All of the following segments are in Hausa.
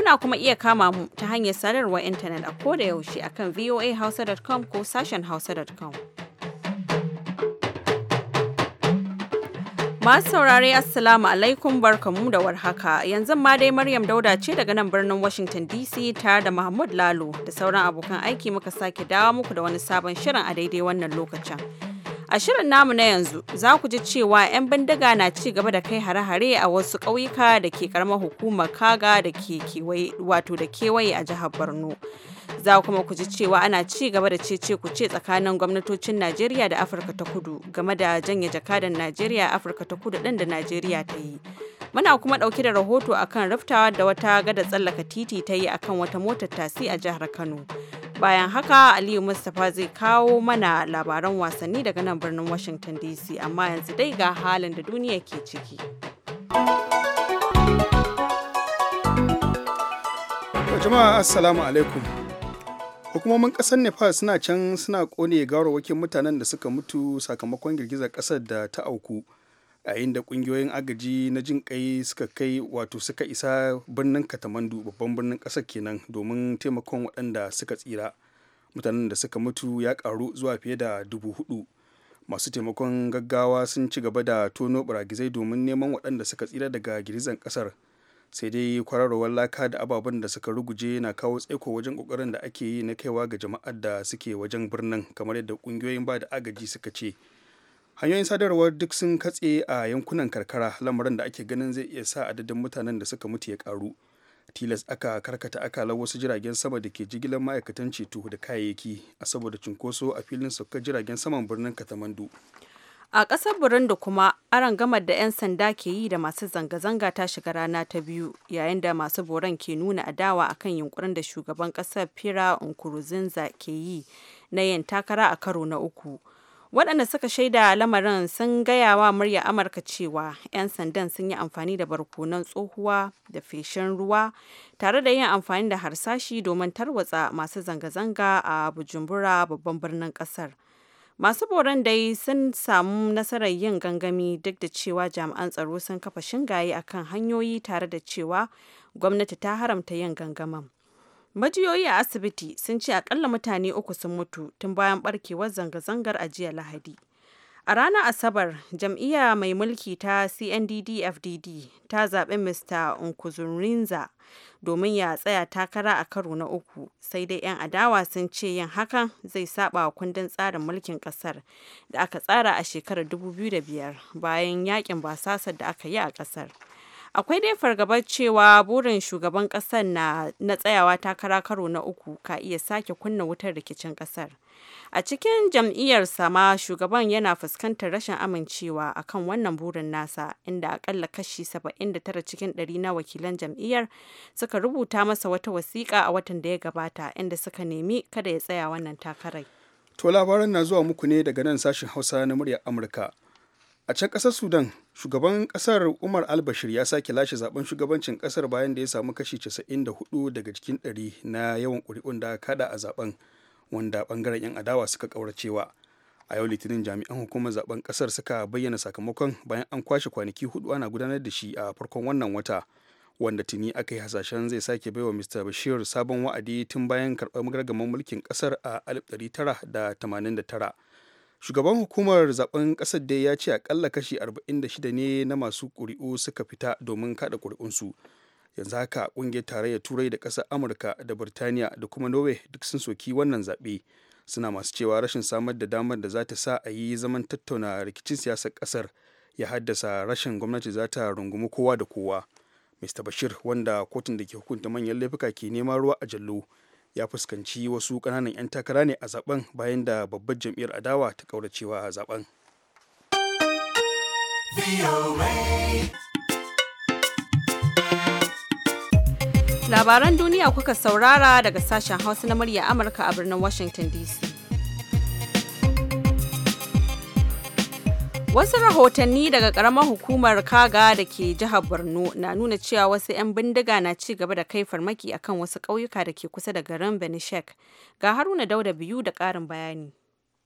Kuna kuma iya kama mu ta hanyar sadarwar intanet a koda yaushe akan voahausa.com ko sashen hausa.com. Masu saurare Assalamu alaikum barkamu da warhaka. Yanzu ma dai Maryam Dauda ce daga nan birnin Washington DC tare da Mahmud Lalo da sauran abokan aiki muka sake dawo muku da wani sabon shirin a daidai wannan lokacin. A shirin namu na yanzu za ku ji cewa 'yan bindiga na ci gaba da kai hare-hare a wasu ƙauyuka da ke karamar hukumar Kaga da ke kewaye wato da kewaye a jihar Borno. Za kuma ku ji cewa ana ci gaba da cece ku ce tsakanin gwamnatocin Najeriya da Afirka ta Kudu game da janye jakadan Najeriya Afirka ta Kudu ɗin da Najeriya ta yi. Muna kuma ɗauke da rahoto akan raftawa da wata gada tsallaka titi ta yi akan wata motar tasi a jihar Kano. Bayan haka Aliyu Mustapha zai kawo mana labaran wasanni daga nan birnin Washington DC amma yanzu dai ga halin da duniya ke ciki. Jama'a Assalamu alaikum. Hukumomin ƙasar Nepal suna can suna kone gawarwakin mutanen da suka mutu sakamakon girgizar ƙasar da ta auku. yayin da kungiyoyin agaji na jin kai suka kai wato suka isa birnin katamandu babban birnin ƙasar kenan domin taimakon waɗanda suka tsira mutanen da suka mutu ya ƙaru zuwa fiye da dubu hudu masu taimakon gaggawa sun ci gaba da tono baragizai domin neman waɗanda suka tsira daga girizan kasar sai dai kwararowar laka da ababen da suka ruguje na kawo tsaiko wajen kokarin da ake yi na kaiwa ga jama'ar da suke wajen birnin kamar yadda kungiyoyin ba da agaji suka ce hanyoyin sadarwar duk sun katse a yankunan karkara lamarin da ake ganin zai iya sa adadin mutanen da suka mutu ya karu tilas aka karkata akalar wasu jiragen sama da ke jigilar ma'aikatan ceto da kayayyaki a saboda cunkoso a filin sauka jiragen saman birnin katamandu a ƙasar burundi kuma aran gamar da 'yan sanda ke yi da masu zanga-zanga ta shiga rana ta biyu yayin da masu boran ke nuna adawa akan yunkurin da shugaban ƙasar fira nkurunziza ke yi na yin takara a karo na uku waɗanda suka shaida lamarin sun gaya wa murya amurka cewa 'yan sandan sun yi amfani da barkunan tsohuwa da feshin ruwa tare da yin amfani da harsashi domin tarwatsa masu zanga-zanga a bujumbura babban birnin ƙasar masu boran dai sun samu nasarar yin gangami duk da cewa jami'an tsaro sun kafa shingaye akan hanyoyi tare da cewa gwamnati ta haramta yin gangamin Majiyoyi a asibiti sun ce akalla mutane uku sun mutu tun bayan barkewar zanga-zangar a jiya Lahadi. A ranar Asabar, jam'iyya mai mulki ta CNDD-FDD ta zaɓi Mr. Nkuzurinza domin ya tsaya takara a karo na uku, sai dai 'yan adawa sun ce yin hakan zai saba wa kundin tsarin mulkin ƙasar da aka tsara a shekarar 2005 bayan yakin basasar da aka yi a ƙasar. akwai dai fargabar cewa burin shugaban kasar na, na tsayawa takara karo na uku ka iya sake kunna wutar rikicin kasar a cikin jam'iyyar sama shugaban yana fuskantar rashin amincewa akan wannan burin nasa inda akalla kashi 79 cikin ɗari na wakilan jam'iyyar suka rubuta masa wata wasiƙa a watan da ya gabata inda suka nemi kada ya tsaya wannan takarai to labaran na zuwa muku ne daga nan sashin hausa na muryar amurka a can kasar sudan shugaban kasar umar albashir ya sake lashe zaben shugabancin kasar bayan da ya samu kashi 94 daga cikin 100 na yawan kuri'un da kada a zaben wanda bangaren 'yan adawa suka kauracewa a yau litinin jami'an hukumar zaben kasar suka bayyana sakamakon bayan an kwashe kwanaki hudu ana gudanar da shi a farkon wannan wata wanda tuni aka yi hasashen zai sake baiwa mr bashir sabon wa'adi tun bayan karɓar gargaman mulkin kasar a 1989 shugaban hukumar zaben kasar dai ya ce akalla kashi 46 ne na masu ƙuri'u suka fita domin kada ƙuri'unsu yanzu haka ƙungiyar tarayyar turai da ƙasar amurka da birtaniya da kuma norway duk sun soki wannan zaɓe suna masu cewa rashin samar da damar da za ta sa a yi zaman tattauna rikicin siyasar ƙasar ya haddasa rashin gwamnati za ta rungumi kowa da kowa mista bashir wanda kotun da ke hukunta manyan laifuka ke neman ruwa a jallo ya fuskanci wasu kananan 'yan takara ne a zaben bayan da babbar jam'iyyar adawa ta a zaben labaran duniya kuka saurara daga sashen hausa na murya amurka a birnin washington dc Wasu rahotanni daga karamar hukumar Kaga da ke jihar Borno na nuna cewa wasu 'yan bindiga na ci gaba da kai farmaki akan wasu ƙauyuka da ke kusa da garin Benishek. Ga Haruna Dauda biyu da ƙarin bayani.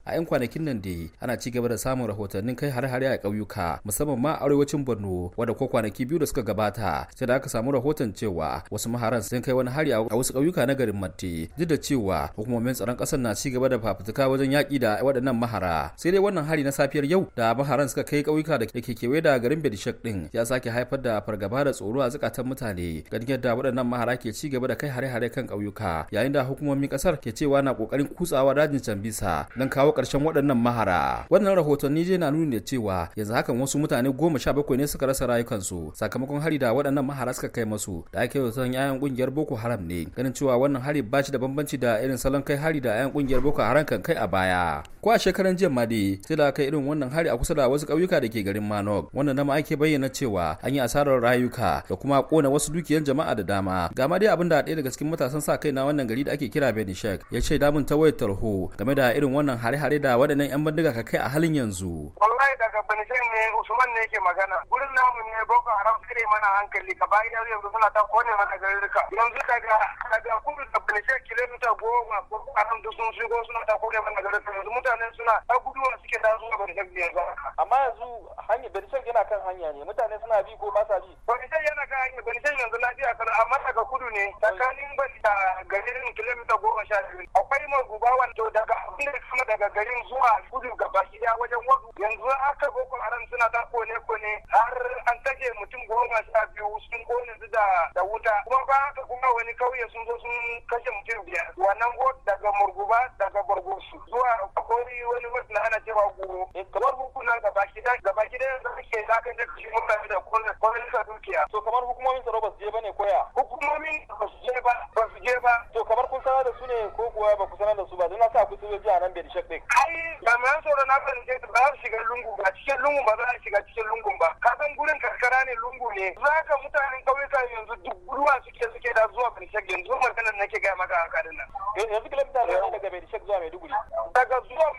a 'yan kwanakin nan dai ana ci gaba da samun rahotannin kai har-hare a ƙauyuka musamman ma arewacin borno wadda ko kwanaki biyu da suka gabata sai da aka samu rahoton cewa wasu maharan sun kai wani hari a wasu ƙauyuka na garin matti duk da cewa hukumomin tsaron ƙasar na ci gaba da fafutuka wajen yaƙi da waɗannan mahara sai dai wannan hari na safiyar yau da maharan suka kai ƙauyuka da ke kewaye da garin bedishek ɗin, ya sake haifar da fargaba da tsoro a zukatan mutane ganin da waɗannan mahara ke ci gaba da kai hare-hare kan ƙauyuka yayin da hukumomin ƙasar ke cewa na ƙoƙarin kutsawa dajin bisa don kawo Karshen waɗannan mahara wannan rahotanni je na nuni da cewa yanzu hakan wasu mutane goma sha bakwai ne suka rasa rayukansu sakamakon hari da waɗannan mahara suka kai masu da ake san 'ya'yan ƙungiyar boko haram ne ganin cewa wannan hari ba shi da bambanci da irin salon kai hari da 'ya'yan ƙungiyar boko haram kan kai a baya ko a shekaran jiya ma dai sai da kai irin wannan hari a kusa da wasu ƙauyuka da ke garin manok wannan nama ake bayyana cewa an yi asarar rayuka da kuma kona wasu dukiyan jama'a da dama ga ma dai abin da ɗaya daga cikin matasan sa kai na wannan gari da ake kira shek ya ce damun ta wayar tarho game da irin wannan hare tare da waɗannan 'yan bindiga ka kai a halin yanzu? Wallahi daga Benin ne Usman ne yake magana. Gurin namu ne Boko Haram kare mana hankali ka bayan da yanzu suna ta kone mana garuruka. Yanzu daga daga kudu da Benin kilomita goma Boko Haram duk sun shigo suna ta kone mana garuruka. Yanzu mutanen suna ta guduwa suke ta zuwa Benin yanzu. Amma yanzu hanyar Benin yana kan hanya ne mutane suna bi ko ba sa bi. Benin yana kan hanya Benin yanzu lafiya kana amma daga kudu ne tsakanin Benin da garin kilomita goma sha biyu. Akwai magubawan to daga abin da kama daga garin zuwa gudu gabaki gida wajen wadu yanzu aka boko haram suna ta kone kone har an take mutum goma sha biyu sun kone su da wuta kuma ba haka kuma wani kauye sun zo sun kashe mutum biyar wannan ko daga murguba daga gorgosu zuwa kori wani wasu na ana cewa guru eh, kamar hukuna gaba gida gaba da yanzu suke zakan da kashe mutane da kwanan dukiya to kamar hukumomin tsaro ba su je ba ne koya hukumomin ba su je ba ba su je ba to kamar kun sanar da su ne ko kuwa ba ku sanar da su ba don na sa ku tsoro biya a nan bai da shakdik ai jami'an tsoro na kasance ba su shiga lungu ba cikin lungu ba za a shiga cikin lungu ba ka san gurin karkara ne lungu ne za ka mutanen kauyuka yanzu duk ruwa suke suke da zuwa Benishek yanzu maganar nake gaya maka a karin nan eh, yanzu kilomita ne daga Benishek zuwa Maiduguri daga zuwa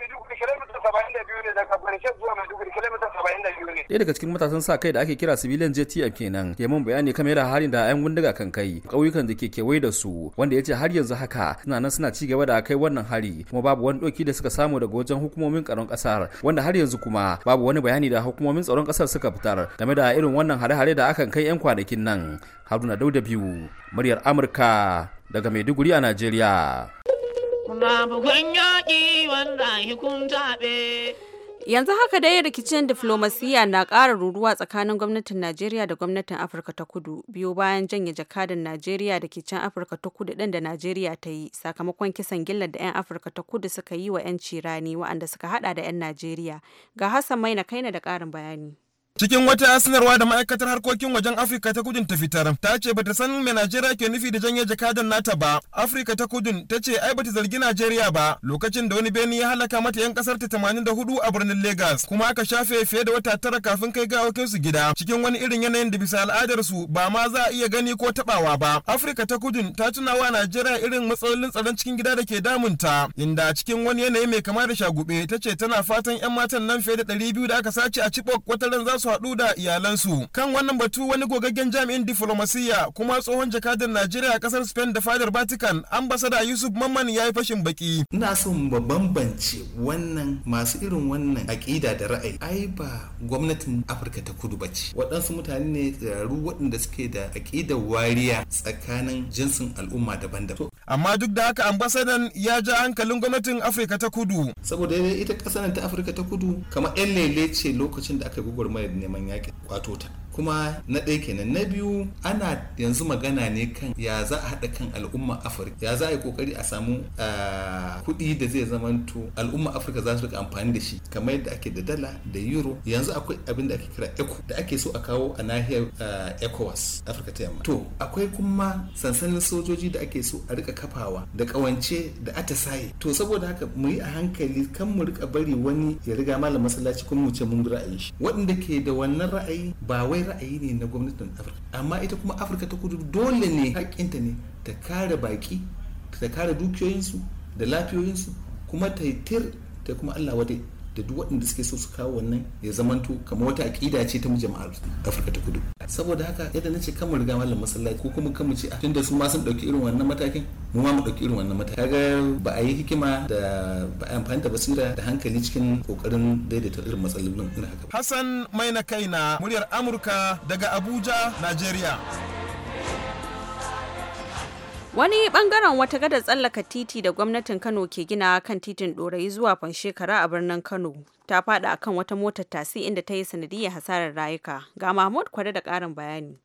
ɗaya daga cikin matasan sa kai da ake kira civilian jtf kenan ke mun bayani kan da harin da ayan bindiga kan kai ƙauyukan da ke kewaye da su wanda ya ce har yanzu haka suna nan suna ci gaba da kai wannan hari kuma babu wani ɗauki da suka samu daga wajen hukumomin tsaron ƙasar wanda har yanzu kuma babu wani bayani da hukumomin tsaron ƙasar suka fitar game da irin wannan hare-hare da akan kai 'yan kwanakin nan haruna dauda biyu muryar amurka daga maiduguri a najeriya Muna bugon yaƙi wanda hukunta Yanzu haka dai rikicin diflomasiyya na ƙara ruruwa tsakanin gwamnatin Najeriya da gwamnatin Afirka ta Kudu biyu bayan janye jakadan Najeriya da ke can Afirka ta Kudu ɗin da Najeriya ta yi sakamakon kisan gillar da 'yan Afirka ta Kudu suka yi wa 'yan cirani wa'anda suka hada da 'yan Najeriya. Ga Hassan Maina na da ƙarin bayani. Cikin wata sanarwa da ma'aikatar harkokin wajen Afirka ta kudin ta fitar, ta ce bata san me Najeriya ke nufi da janye jakadan nata ba. Afirka ta kudin ta ce ai bata zargi Najeriya ba lokacin da wani beni ya halaka mata 'yan kasar ta 84 a birnin Legas kuma aka shafe fiye da wata tara kafin kai ga wakin su gida cikin wani irin yanayin da bisa al'adar su ba ma za a iya gani ko tabawa ba. Afirka ta kudin ta tuna wa Najeriya irin matsalolin tsaron cikin gida da ke damunta inda cikin wani yanayi mai kama da shagube ta ce tana fatan 'yan matan nan fiye da 200 da aka sace a Chibok wata ran za su su haɗu da iyalansu kan wannan batu wani gogaggen jami'in diflomasiyya kuma tsohon jakadar najeriya a ƙasar spain da fadar vatican ambasada yusuf mamman ya yi fashin baki ina son mu bambance wannan masu irin wannan aƙida da ra'ayi ai ba gwamnatin afirka ta kudu ba ce waɗansu mutane ne tsirarru waɗanda suke da aƙidar wariya tsakanin jinsin al'umma daban-daban amma duk da haka ambasadan ya ja hankalin gwamnatin afirka ta kudu saboda ita ƙasar ta afirka ta kudu kamar yan lele ce lokacin da aka da neman yaƙi kwato ta kuma na ɗaya kenan na biyu ana yanzu magana ne kan ya za a haɗa kan al'umma afirka ya za a yi kokari a samu ah, kuɗi da zai zamanto al'umma afirka za su rika amfani da shi kamar yadda ake da dala da euro yanzu akwai abin da ake kira eco da ake so a kawo a nahiyar ah, ecowas afirka ta yamma to akwai kuma sansanin sojoji da ake so a rika kafawa da ƙawance da atasaye to saboda haka mu yi a hankali kan mu rika bari wani ya riga malam masallaci kuma mu ce mun ra'ayi shi waɗanda ke da wannan ra'ayi ba wai ra'ayi ne na gwamnatin afirka amma ita kuma afirka ta kudu dole ne haƙƙinta ne ta kare baƙi ta kare dukiyoyinsu da lafiyoyinsu kuma ta tir ta kuma allah wadai da duk waɗanda suke so su kawo wannan ya zamanto kamar wata aƙida ce ta jama'ar afirka ta kudu saboda haka yadda na ce kan mu riga mallam masallaci ko kuma kan mu ce tunda su ma sun ɗauki irin wannan matakin mu ma mu ɗauki irin wannan matakin kaga ba a yi hikima da ba a amfani da basira da hankali cikin kokarin daidaita irin matsalolin irin haka Hassan Maina Kaina muryar Amurka daga Abuja Najeriya Wani bangaren wata gadar tsallaka titi da gwamnatin Kano ke gina kan titin Dorayi zuwa shekara a birnin Kano ta fada akan wata motar tasi inda ta yi sanadiyar hasarar rayuka. Ga Mahmud Kwade da ƙarin bayani.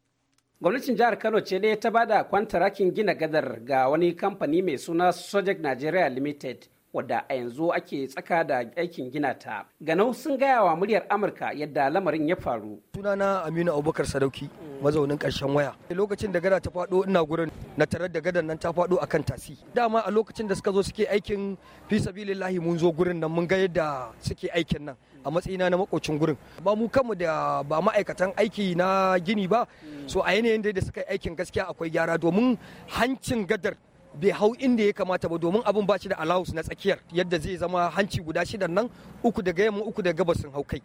Gwamnatin jihar Kano ce dai ta bada kwantarakin gina gadar ga wani kamfani mai suna Sojek Nigeria Limited wadda a yanzu ake tsaka da aikin gina ta. Ganau sun gaya wa muryar Amurka yadda lamarin ya faru. Sunana Aminu Abubakar Sadauki mazaunin karshen waya. Lokacin da gada ta faɗo ina gurin na tarar da gadan nan ta faɗo akan tasi. Dama a lokacin da suka zo suke aikin fi sabilillahi mun zo gurin nan mun ga yadda suke aikin nan. a matsayina na makocin gurin ba mu kanmu da ba ma'aikatan aiki na gini ba so a yanayin da suka yi aikin gaskiya akwai gyara domin hancin gadar bai hau inda ya kamata ba domin abin ba shi da alawus na tsakiyar yadda zai zama hanci guda shida nan uku daga yamma uku daga gabas sun hau kai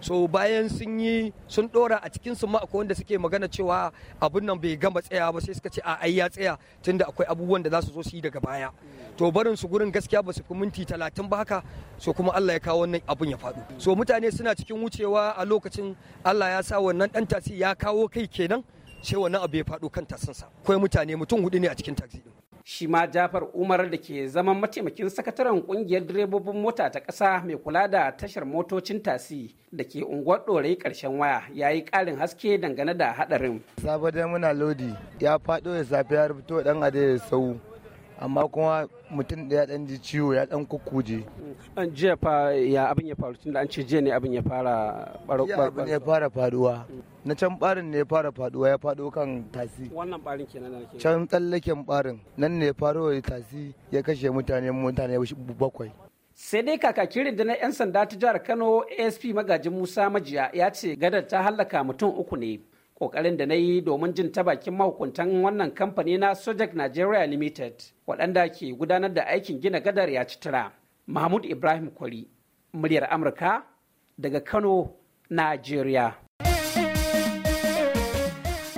so bayan sun yi sun dora a cikin su ma akwai wanda suke magana cewa abun nan bai gama tsaya ba sai suka ce a ai ya tsaya tunda akwai abubuwan da za su zo su yi daga baya to barin su gurin gaskiya ba su fi minti talatin ba haka so kuma Allah ya kawo wannan abun ya faɗo so mutane suna cikin wucewa a lokacin Allah ya sa wannan dan tasi ya kawo kai kenan sai wannan abu ya faɗo kan tasinsa akwai mutane mutum hudu ne a cikin taxi shi ma jafar umar da ke zaman mataimakin sakataren kungiyar direbobin mota ta ƙasa mai kula da tashar motocin tasi da ke unguwar ɗorai ƙarshen waya ya yi ƙarin haske dangane da haɗarin saboda muna lodi ya faɗo da safe ya fito ɗan adai sau amma kuma mutum da ya dan ji ciwo ya dan kukkuje. An jiya fa ya abin ya faru tun da an ce jiya ne abin ya fara faruwa. na can barin ne ya fara faduwa ya fado kan tasi wannan barin kenan da can tsallaken barin nan ne ya faro ya tasi ya kashe mutane mutane bakwai sai dai kakakin rundunar 'yan sanda ta jihar kano asp magajin musa majiya ya ce gadar ta hallaka mutum uku ne kokarin da na yi domin jin ta bakin mahukuntan wannan kamfani na sojak nigeria limited waɗanda ke gudanar da aikin gina gadar ya ci tura mahmud ibrahim kwari muryar amurka daga kano nigeria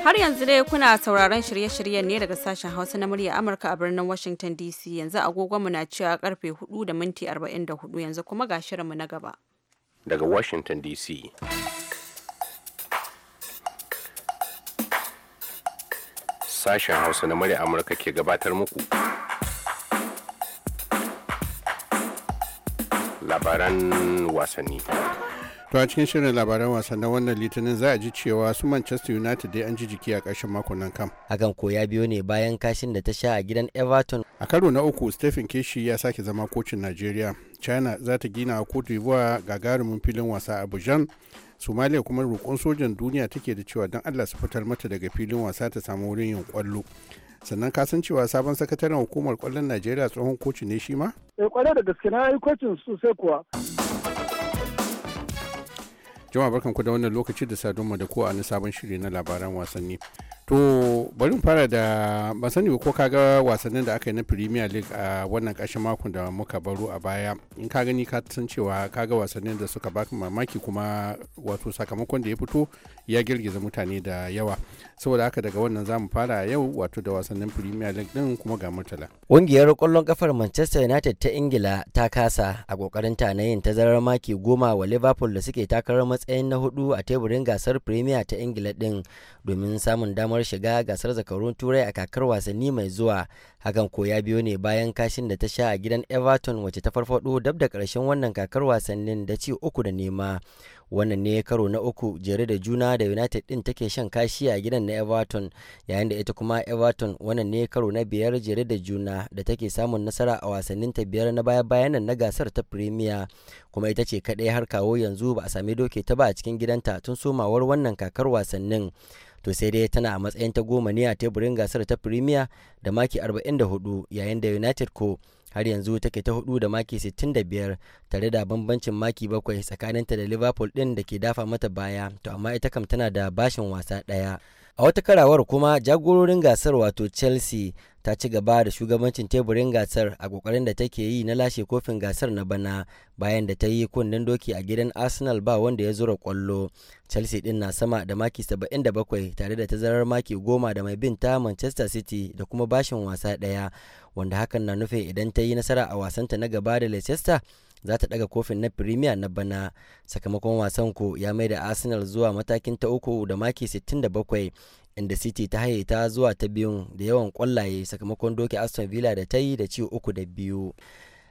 Har yanzu dai kuna sauraron shirye-shiryen ne daga sashen Hausa na murya Amurka a birnin Washington DC yanzu agogonmu na cewa karfe 4 da minti 44 yanzu kuma ga shirinmu na gaba. Daga Washington DC. Sashen Hausa na murya Amurka ke gabatar muku. Labaran wasanni. To a cikin shirin labaran wasan na wannan litinin za a ji cewa su Manchester United dai an ji jiki a ƙarshen makon nan kam. Hakan ko ya biyo ne bayan kashin da ta sha a gidan Everton. A karo na uku Stephen Keshi ya sake zama kocin nigeria China za ta gina a Cote gagarumin filin wasa a Somalia kuma roƙon sojan duniya take da cewa don Allah su fitar mata daga filin wasa ta samu wurin yin kwallo. sannan ka san cewa sabon sakataren hukumar kwallon najeriya tsohon kocin ne shi ma? eh kwallo da gaske na yi kocin sosai kuwa jama'a barkan da wannan lokaci da sadunmu da ko a na sabon shiri na labaran wasanni to bari fara da ba sani ko ka ga wasannin da aka yi na premier league a wannan ƙarshen makon da muka baro a baya in ka gani ka san cewa ka ga wasannin da suka baka mamaki kuma wato sakamakon da ya fito ya girgiza mutane da yawa saboda haka daga wannan zamu fara yau wato da wasannin premier league din kuma ga murtala ƙungiyar kwallon kafar manchester united ta ingila ta kasa a kokarin ta na yin tazarar maki goma wa liverpool da suke takarar matsayin na hudu a teburin gasar premier ta ingila din domin samun damar shiga gasar zakarun turai a kakar wasanni mai zuwa hakan ko ya biyo ne bayan kashin da ta sha a gidan everton wacce ta farfado dab da karshen wannan kakar wasannin da ci uku da nema wannan ne karo na uku jere da juna da united din take shan kashi a gidan na everton yayin da ita kuma everton wannan ne karo na biyar jere da juna da take samun nasara a wasannin ta biyar na baya bayan na gasar ta premier kuma ita ce kadai har kawo yanzu ba a sami doke ta ba a cikin gidanta tun somawar wannan kakar wasannin to sai dai tana a matsayin ta goma ne a teburin gasar ta premier da maki 44 yayin da united ko har yanzu take ta hudu da maki 65 tare da bambancin maki bakwai tsakaninta da liverpool din da ke dafa mata baya to amma ita kam tana da bashin wasa daya a wata karawar kuma jagororin gasar wato chelsea ta ci gaba da shugabancin teburin gasar a kokarin da take yi na lashe kofin gasar na bana bayan da ta yi kunnen doki a gidan arsenal ba wanda ya zura kwallo chelsea din na sama da maki 77 tare da tazarar maki goma da mai bin ta manchester city da kuma bashin wasa daya wanda hakan na nufin idan ta yi nasara a wasanta na gaba da leicester za ta daga kofin na premier na bana sakamakon wasan ko ya mai da arsenal zuwa matakin ta uku da maki 67 inda city ta haye ta zuwa ta biyun da yawan kwallaye sakamakon doke aston villa da ta yi da ci uku da biyu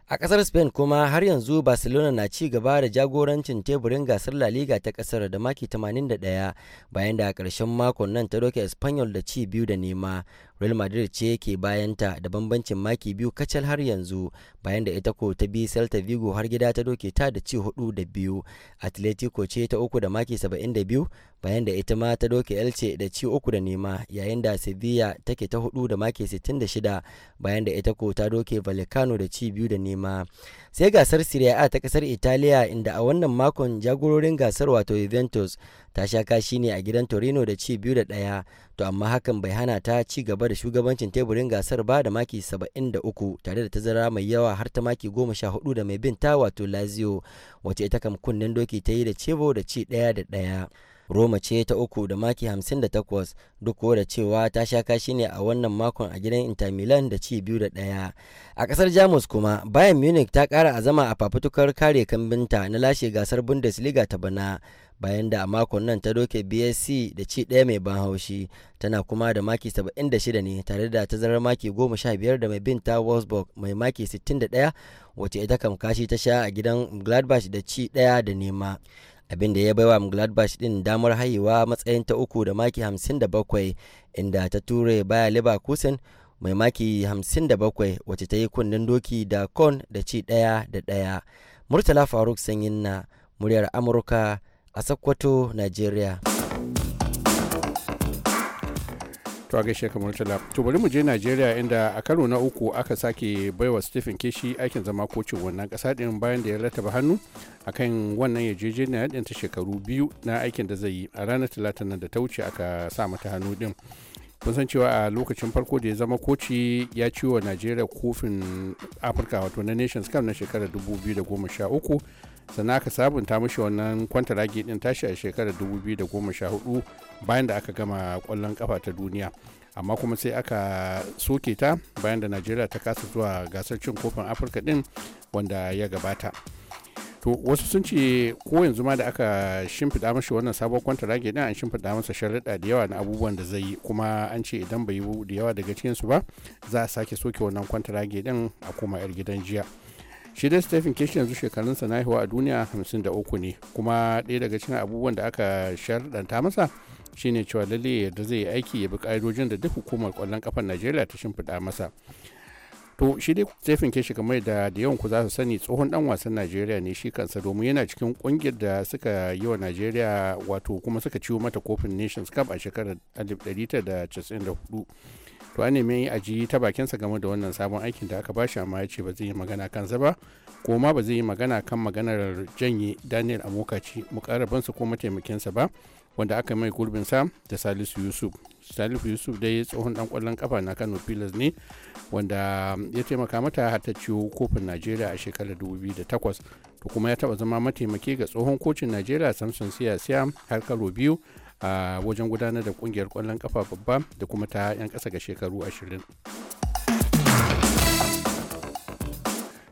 a kasar spain kuma har yanzu barcelona na ci gaba da jagorancin teburin gasar la liga ta kasar da maki 81 bayan da a karshen makon nan ta doke espanyol da ci biyu da nema real madrid ce ke bayanta da bambancin maki biyu kacal har yanzu bayan da ita ko ta bi celta vigo har gida ta doke ta da ci hudu da biyu atletico ce ta uku da maki da biyu bayan da ita ma ta doke elce da ci uku da nema yayin da sevilla take ta hudu da maki da shida bayan da ita ko ta doke vallecano da ci biyu da nema sai gasar serie a ta kasar italiya inda a wannan makon jagororin gasar wato juventus ta sha kashi ne a gidan torino da ci biyu da ɗaya to amma hakan bai hana ta ci gaba da shugabancin teburin gasar ba da maki 73 tare da tazara mai yawa har ta maki 14 da mai bin ta wato lazio wace ita kam kunnen doki ta yi da cebo da ci ɗaya da ɗaya Roma ce ta uku da maki 58 duk da cewa ta sha kashi ne a wannan makon a gidan Inter Milan da ci biyu da ɗaya. A ƙasar Jamus kuma bayan Munich ta ƙara azama a fafutukar kare kambinta na lashe gasar Bundesliga ta bana bayan da a makon nan ta doke bsc da ci ɗaya mai ban haushi tana kuma da maki 76 ne tare da ta zarar maki 15 da mai binta wolfsburg mai maki 61 wacce ita kam kashi ta sha a gidan gladbach da ci ɗaya da nema abin da ya baiwa gladbach din damar hayewa matsayin ta uku da maki 57 inda ta ture baya leverkusen mai maki 57 wacce ta yi kunnen doki da kon da ci ɗaya da ɗaya murtala faruk sanyin na muryar amurka a Sokoto, Najeriya. to a gaishe kamar tala to bari mu je najeriya inda a karo na uku aka sake baiwa stephen keshi aikin zama kocin wannan kasa din bayan da ya rataba hannu akan wannan yarjejeniya din ta shekaru biyu na aikin da zai yi a ranar talata nan da ta wuce aka sa mata hannu din kun san cewa a lokacin farko da ya zama koci ya ciwo najeriya kofin afirka wato na nations cup na shekarar 2013 sannan aka sabunta mashi wannan kwanta ragi din tashi a shekarar 2014 bayan da aka gama kwallon kafa ta duniya amma kuma sai aka soke ta bayan da najeriya ta kasa zuwa gasar cin kofin afirka din wanda ya gabata to wasu sun ce ko yanzu ma da aka shimfiɗa mashi wannan sabon kwantarage din an shimfiɗa masa sharaɗa da yawa na abubuwan da zai yi kuma an ce idan bai yi da yawa daga cikinsu ba za a sake soke wannan kwanta kwantarage din a koma 'yar gidan jiya shi dai stephen kish yanzu shekarunsa na haihuwa a duniya 53 ne kuma ɗaya daga cikin abubuwan da aka sharɗanta masa shine cewa lalle yadda zai yi aiki ya bi ƙa'idojin da duk hukumar ƙwallon ƙafar najeriya ta shimfiɗa masa to shi dai stephen kish kamar da da yawan ku za su sani tsohon ɗan wasan najeriya ne shi kansa domin yana cikin ƙungiyar da suka yi wa najeriya wato kuma suka ciwo mata kofin nations cup a shekarar 1994 to an nemi a ji ta bakinsa game da wannan sabon aikin da aka bashi amma ya ce ba zai yi magana kansa ba ko ma ba zai yi magana kan maganar janye daniel amokaci mukarabinsa ko mataimakinsa ba wanda aka mai gurbin sa da salisu yusuf salisu yusuf dai tsohon dan kwallon kafa na kano pilas ne wanda ya taimaka mata har ta ciwo kofin najeriya a shekarar 2008 to kuma ya taba zama mataimaki ga tsohon kocin najeriya samson siya siya har karo biyu a wajen gudanar da kungiyar kwallon kafa babba da kuma ta 'yan ƙasa ga shekaru 20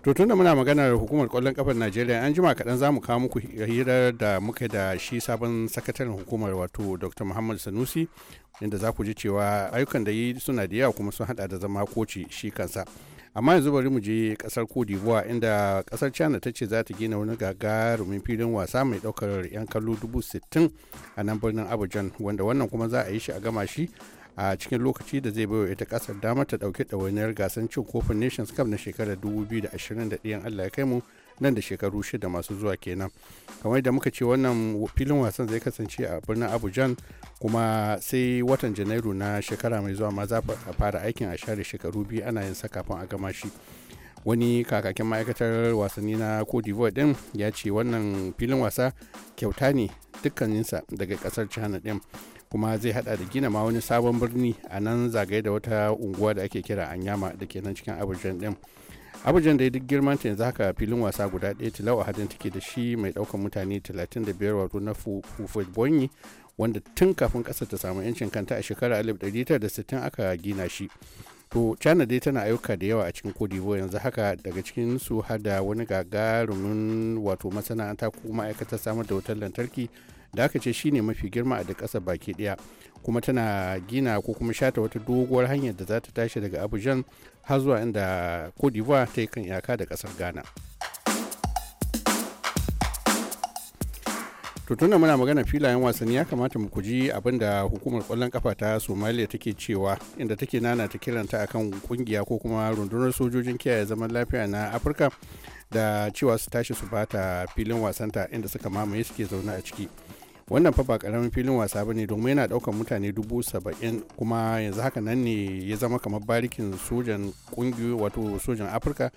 to da muna maganar hukumar kwallon kafar najeriya an jima kaɗan za mu kawo muku hira da muka da shi sabon sakataren hukumar wato dr muhammad sanusi inda za ku ji cewa ayyukan da yi suna da yawa kuma sun hada da zama koci shi kansa amma yanzu bari mu je kasar cote d'ivoire inda kasar china ta ce za ta gina wani gagarumin filin wasa mai daukar yan kallo dubu sittin a nan birnin abujan wanda wannan kuma za a yi shi a gama shi a cikin lokaci da zai baiwa ita kasar damar ta dauki ɗawainiyar gasar cin kofin nations cup na shekarar 2021 allah ya kai mu nan da shekaru shida masu zuwa kenan kamar da muka ce wannan filin wasan zai kasance a birnin abujan kuma sai watan janairu na shekara mai zuwa ma za a fara aikin a share shekaru biyu ana yin kafin a gama shi wani kakakin ma'aikatar wasanni na cote din ya ce wannan filin wasa kyauta ne dukkaninsa daga kasar china din kuma zai hada da gina ma wani sabon birni a nan zagaye da wata unguwa da ake kira anyama da ke nan cikin abuja din abujan da duk girman ta yanzu haka filin wasa guda ɗaya a hadin take da shi mai ɗaukan mutane 35 wato na fufut bonyi wanda tun kafin ƙasar ta samu 'yancin kanta a shekarar 1960 aka gina shi to china dai tana ayyuka da yawa a cikin kodibo yanzu haka daga cikin su hada wani gagarumin wato masana'anta ko ma'aikatar samar da wutar lantarki da aka ce shine mafi girma a da ƙasar baki ɗaya kuma tana gina ko kuma shata wata doguwar hanyar da za ta tashi daga abujan har zuwa inda cote d'ivoire ta yi kan iyaka da kasar ghana to muna magana filayen wasanni ya kamata mu kuji abin da hukumar kwallon kafa ta somaliya take cewa inda take nana ta kiranta akan kungiya ko kuma rundunar sojojin kiyaye zaman lafiya na afirka da cewa su tashi su bata filin wasanta inda suka mamaye suke zaune a ciki wannan fa ba karamin filin wasa bane domin yana daukan mutane dubu saba'in kuma yanzu haka nan ne ya zama kamar barikin sojan kungiyoyi wato sojan afirka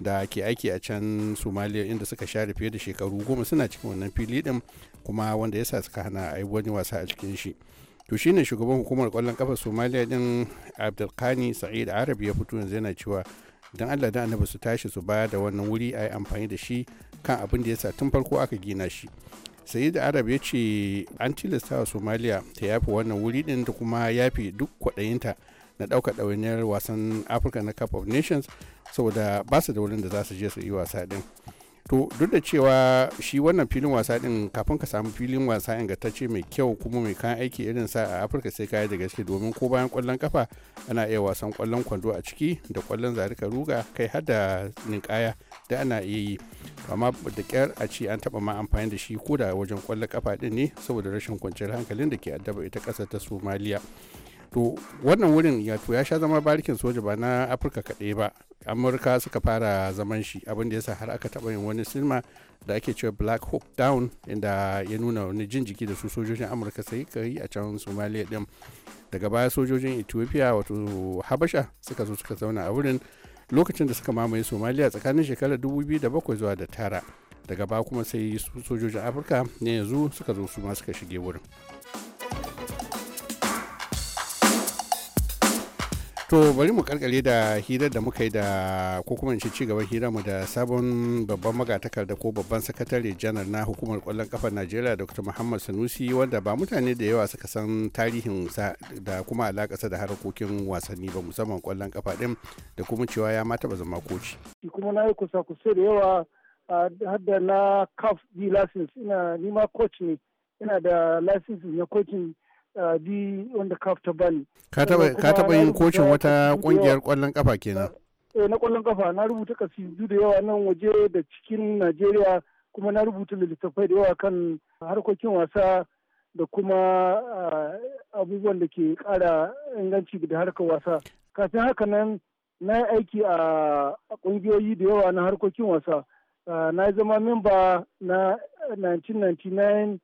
da ke aiki a can somaliya inda suka share fiye da shekaru goma suna cikin wannan fili din kuma wanda yasa suka hana a yi wani wasa a cikin shi to shine shugaban hukumar kwallon kafa somaliya din abdulkani sa'id arabi ya fito yanzu yana cewa don allah da annabi su tashi su bayar da wannan wuri a yi amfani da shi kan abin da yasa tun farko aka gina shi da arab ya ce an tilasta wa somaliya ta yafi wannan wuri din da kuma yafi duk kwaɗayinta na ɗaukar ɗawainiyar wasan afirka na cup of nations saboda ba su da wurin da za su je su yi wasa din to duk da cewa shi wannan filin wasa din kafin ka samu filin wasa ingantacce mai kyau kuma mai kayan aiki irin sa a afirka sai kayi da gaske domin ko bayan kwallon kafa ana iya wasan kwallon kwando a ciki da kwallon zarika ruga kai har da ninkaya da ana iya yi amma da kyar a ce an taba ma amfani da shi ko da wajen kwallon kafa din ne saboda rashin kwanciyar hankalin da ke addaba ita kasar ta somaliya to wannan wurin ya to ya sha zama barikin soja ba na afirka kaɗai ba amurka suka fara zaman shi abinda ya sa har aka taba yin wani silma da ake cewa black hawk down inda ya nuna wani jin jiki da su sojojin amurka sai ka yi a can somaliya din daga baya sojojin ethiopia wato habasha suka zo suka zauna a wurin lokacin da suka mamaye somaliya tsakanin shekarar bakwai zuwa da tara daga ba kuma sai sojojin afirka ne yanzu suka zo su ma suka shige wurin to bari mu karkare da hirar da muka yi da ko kuma in ci gaban hirar mu da sabon babban magatakarda ko babban sakatare janar na hukumar kwallon kafar Najeriya Dr. Muhammad Sanusi wanda ba mutane da yawa suka san tarihin sa da kuma alakasa da harkokin wasanni ba musamman kwallon kafa din da kuma cewa ya mata ba zama koci kuma na yi kusa kusa da yawa har da na CAF B license ina nima coach ne ina da license na coaching di wanda ka ta bani. Ka taɓa eh, yin kocin wata ƙungiyar kwallon kafa kenan? Eh na kwallon kafa na rubuta kasidu da yawa nan waje da cikin Najeriya kuma na rubuta littattafai da yawa kan harkokin wasa da kuma ah, abubuwan da ke ƙara inganci da harkar wasa. Kafin haka nan na yi aiki a ƙungiyoyi da yawa na harkokin wasa. Ah, na zama memba na 1999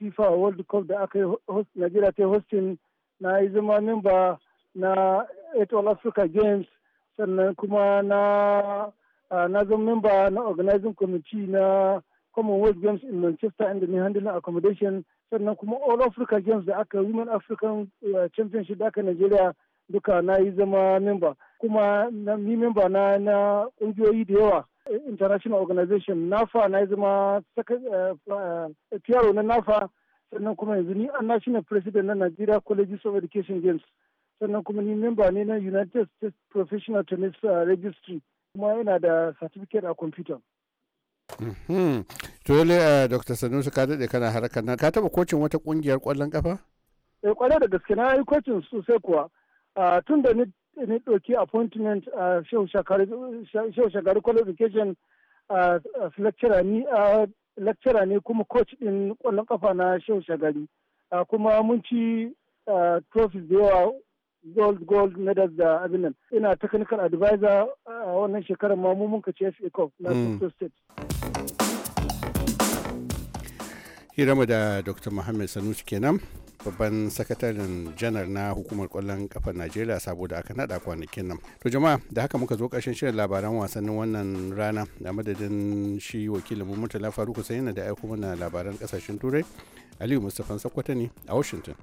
FIFA World Cup da aka yi Najeriya ta hosting na yi zama memba na Eight All Africa Games sannan kuma na na zama memba na organizing committee na Commonwealth Games in Manchester and the handling accommodation sannan kuma All Africa Games da aka Women African eh, Championship da aka Najeriya duka na yi zama memba kuma ni memba na na ƙungiyoyi da yawa international organization nafa na zama eh, eh, piyaro na nafa sannan kuma yanzu ni an national president na nigeria colleges of education games sannan kuma ni memba ne na united states professional tennis eh, registry kuma yana da certificate a computer mm-hmm. to yale dr sanusi ka daɗe kana harkar nan ka taɓa kocin wata ƙungiyar ƙwallon ƙafa? eh da gaske na yi kocin sosai kuwa ah, tun da ni ni ɗauki appointment a shehu shagari qualification a lecturer ne kuma coach din ƙwallon kafa na shehu shagari kuma mun ci trophies da yawa gold gold medals da abin nan ina technical advisor a wannan shekarar ma mun ci FA Cup na hmm. State. Hirama da Dr. Muhammad Sanusi kenan babban sakataren janar na hukumar kwallon kafar najeriya saboda aka nada kwanakin nan to jama'a da haka muka zo karshen shirin labaran wasannin wannan rana da madadin shi wakilin mu murtala faruku sai yana da aiko mana labaran kasashen turai aliyu mustapha sakwata ne a washington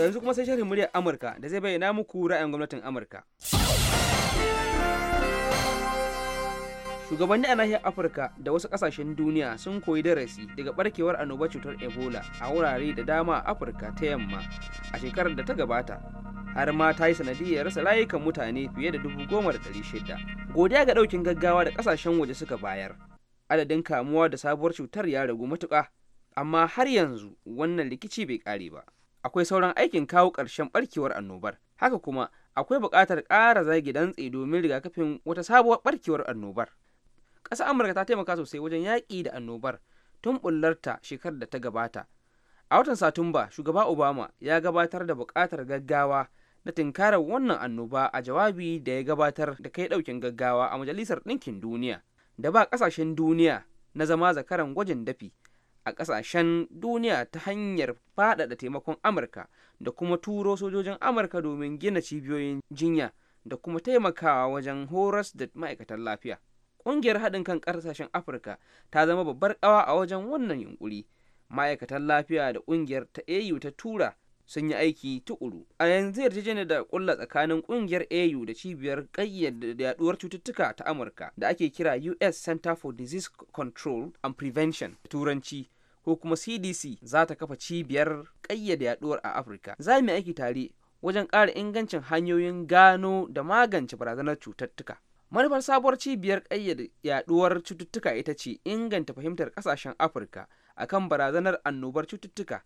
yanzu kuma sai shirin muryar amurka da zai bayyana muku ra'ayin gwamnatin amurka shugabanni a nahiyar afirka da wasu kasashen duniya sun koyi darasi daga barkewar annobar cutar ebola a wurare da dama a afirka ta yamma a shekarar da ta gabata har ma ta yi sanadiyar rasa layukan mutane fiye da dubu goma da ɗari shida godiya ga ɗaukin gaggawa da ƙasashen waje suka bayar adadin kamuwa da sabuwar cutar ya ragu matuƙa amma har yanzu wannan rikici bai ƙare ba akwai sauran aikin kawo ƙarshen ɓarkewar annobar haka kuma akwai buƙatar ƙara zagi dantse domin rigakafin wata sabuwar ɓarkewar annobar ƙasar amurka ta taimaka sosai wajen yaƙi da annobar tun bullarta shekarar da ta gabata a watan satumba shugaba obama ya gabatar da buƙatar gaggawa na tinkarar wannan annoba a jawabi da ya gabatar da kai ɗaukin gaggawa a majalisar ɗinkin duniya da ba ƙasashen duniya na zama zakaran gwajin dafi a ƙasashen duniya ta hanyar faɗaɗa taimakon amurka da kuma turo sojojin amurka domin gina cibiyoyin jinya da kuma taimakawa wajen horas da ma'aikatan lafiya ƙungiyar haɗin kan ƙasashen afirka ta zama babbar ƙawa a wajen wannan yunƙuri ma'aikatan lafiya da ƙungiyar ta au ta tura sun yi aiki tukuru a yanzu yarjejeniyar da kulla tsakanin ƙungiyar au da cibiyar da yaduwar cututtuka ta amurka da ake kira us center for disease control and prevention turanci ko kuma cdc za ta kafa cibiyar ƙayyade yaduwar a afirka za mu aiki tare wajen ƙara ingancin hanyoyin gano da magance barazanar cututtuka manufar sabuwar cibiyar ƙayyade yaduwar cututtuka ita ce inganta fahimtar ƙasashen afirka akan barazanar annobar cututtuka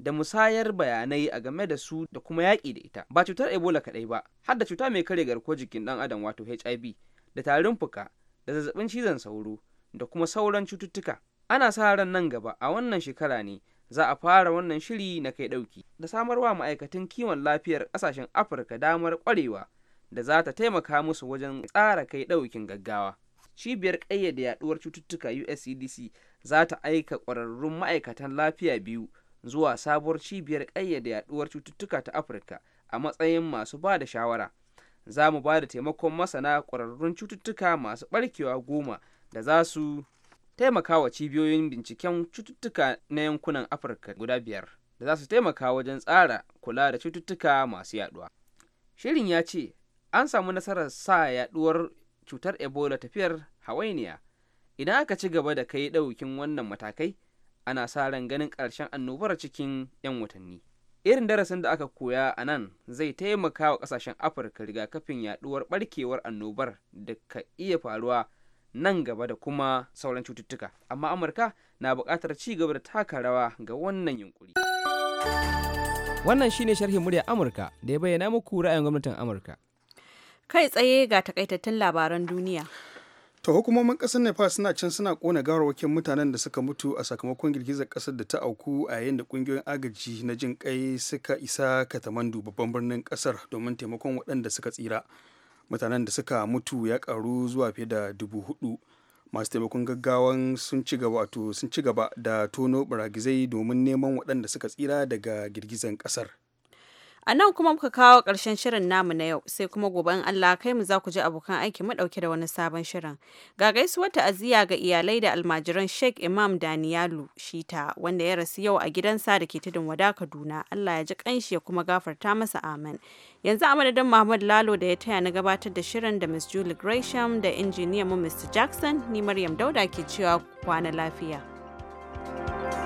da musayar bayanai a game da su da kuma yaƙi da ita ba cutar ebola kaɗai ba har da cuta mai kare garkuwar jikin ɗan adam wato hiv da tarin fuka da zazzabin cizon sauro da kuma sauran cututtuka ana sa ran nan gaba a wannan shekara ne za a fara wannan shiri na kai ɗauki da samarwa ma'aikatan kiwon lafiyar ƙasashen afirka damar ƙwarewa da za ta taimaka musu wajen tsara kai ɗaukin gaggawa. Cibiyar ƙayyade yaɗuwar cututtuka USCDC za ta aika ƙwararrun ma'aikatan lafiya biyu zuwa sabuwar cibiyar ƙayyade yaɗuwar cututtuka ta Afirka a matsayin masu ba da shawara. Za mu ba da taimakon masana ƙwararrun cututtuka masu ɓarkewa goma da za su taimaka wa cibiyoyin binciken cututtuka na yankunan Afirka guda biyar da za su taimaka wajen tsara kula da cututtuka masu yaɗuwa. Shirin ya ce an samu nasarar sa yaduwar cutar ebola tafiyar hawainiya idan aka ci gaba da kai ɗaukin wannan matakai ana sa ran ganin ƙarshen annobar cikin 'yan watanni irin darasin da aka koya a nan zai taimaka wa ƙasashen afirka rigakafin yaduwar ɓarkewar annobar da ka iya faruwa nan gaba da kuma sauran cututtuka amma amurka na buƙatar ci gaba da taka rawa ga wannan yunkuri wannan shine sharhin murya amurka da ya bayyana muku ra'ayin gwamnatin amurka Kai tsaye ga takaitattun labaran duniya. To hukumomin ƙasar Nepal suna can suna kona gawarwakin mutanen da suka mutu a sakamakon girgizar ƙasar da ta auku a yayin da ƙungiyoyin agaji na jin ƙai suka isa Katamandu babban birnin ƙasar domin taimakon waɗanda suka tsira. Mutanen da suka mutu ya ƙaru zuwa fiye da dubu hudu. Masu taimakon gaggawan sun ci gaba sun ci gaba da tono baragizai domin neman waɗanda suka tsira daga girgizan ƙasar. A nan kuma muka kawo ƙarshen shirin namu na yau sai kuma gobe in Allah kai mu za ku ji abokan aiki mu ɗauke da wani sabon shirin. Ga gaisuwar ta'aziyya ga iyalai da almajiran Sheikh Imam Daniyalu Shita wanda ya rasu yau a gidansa da ke tudun wada Kaduna. Allah ya ji kanshi ya kuma gafarta masa amin. Yanzu a madadin Muhammad Lalo da ya taya na gabatar da shirin da Miss Julie Gresham da injiniyan mu Mr. Jackson ni Maryam Dauda ke cewa kwana lafiya. thank you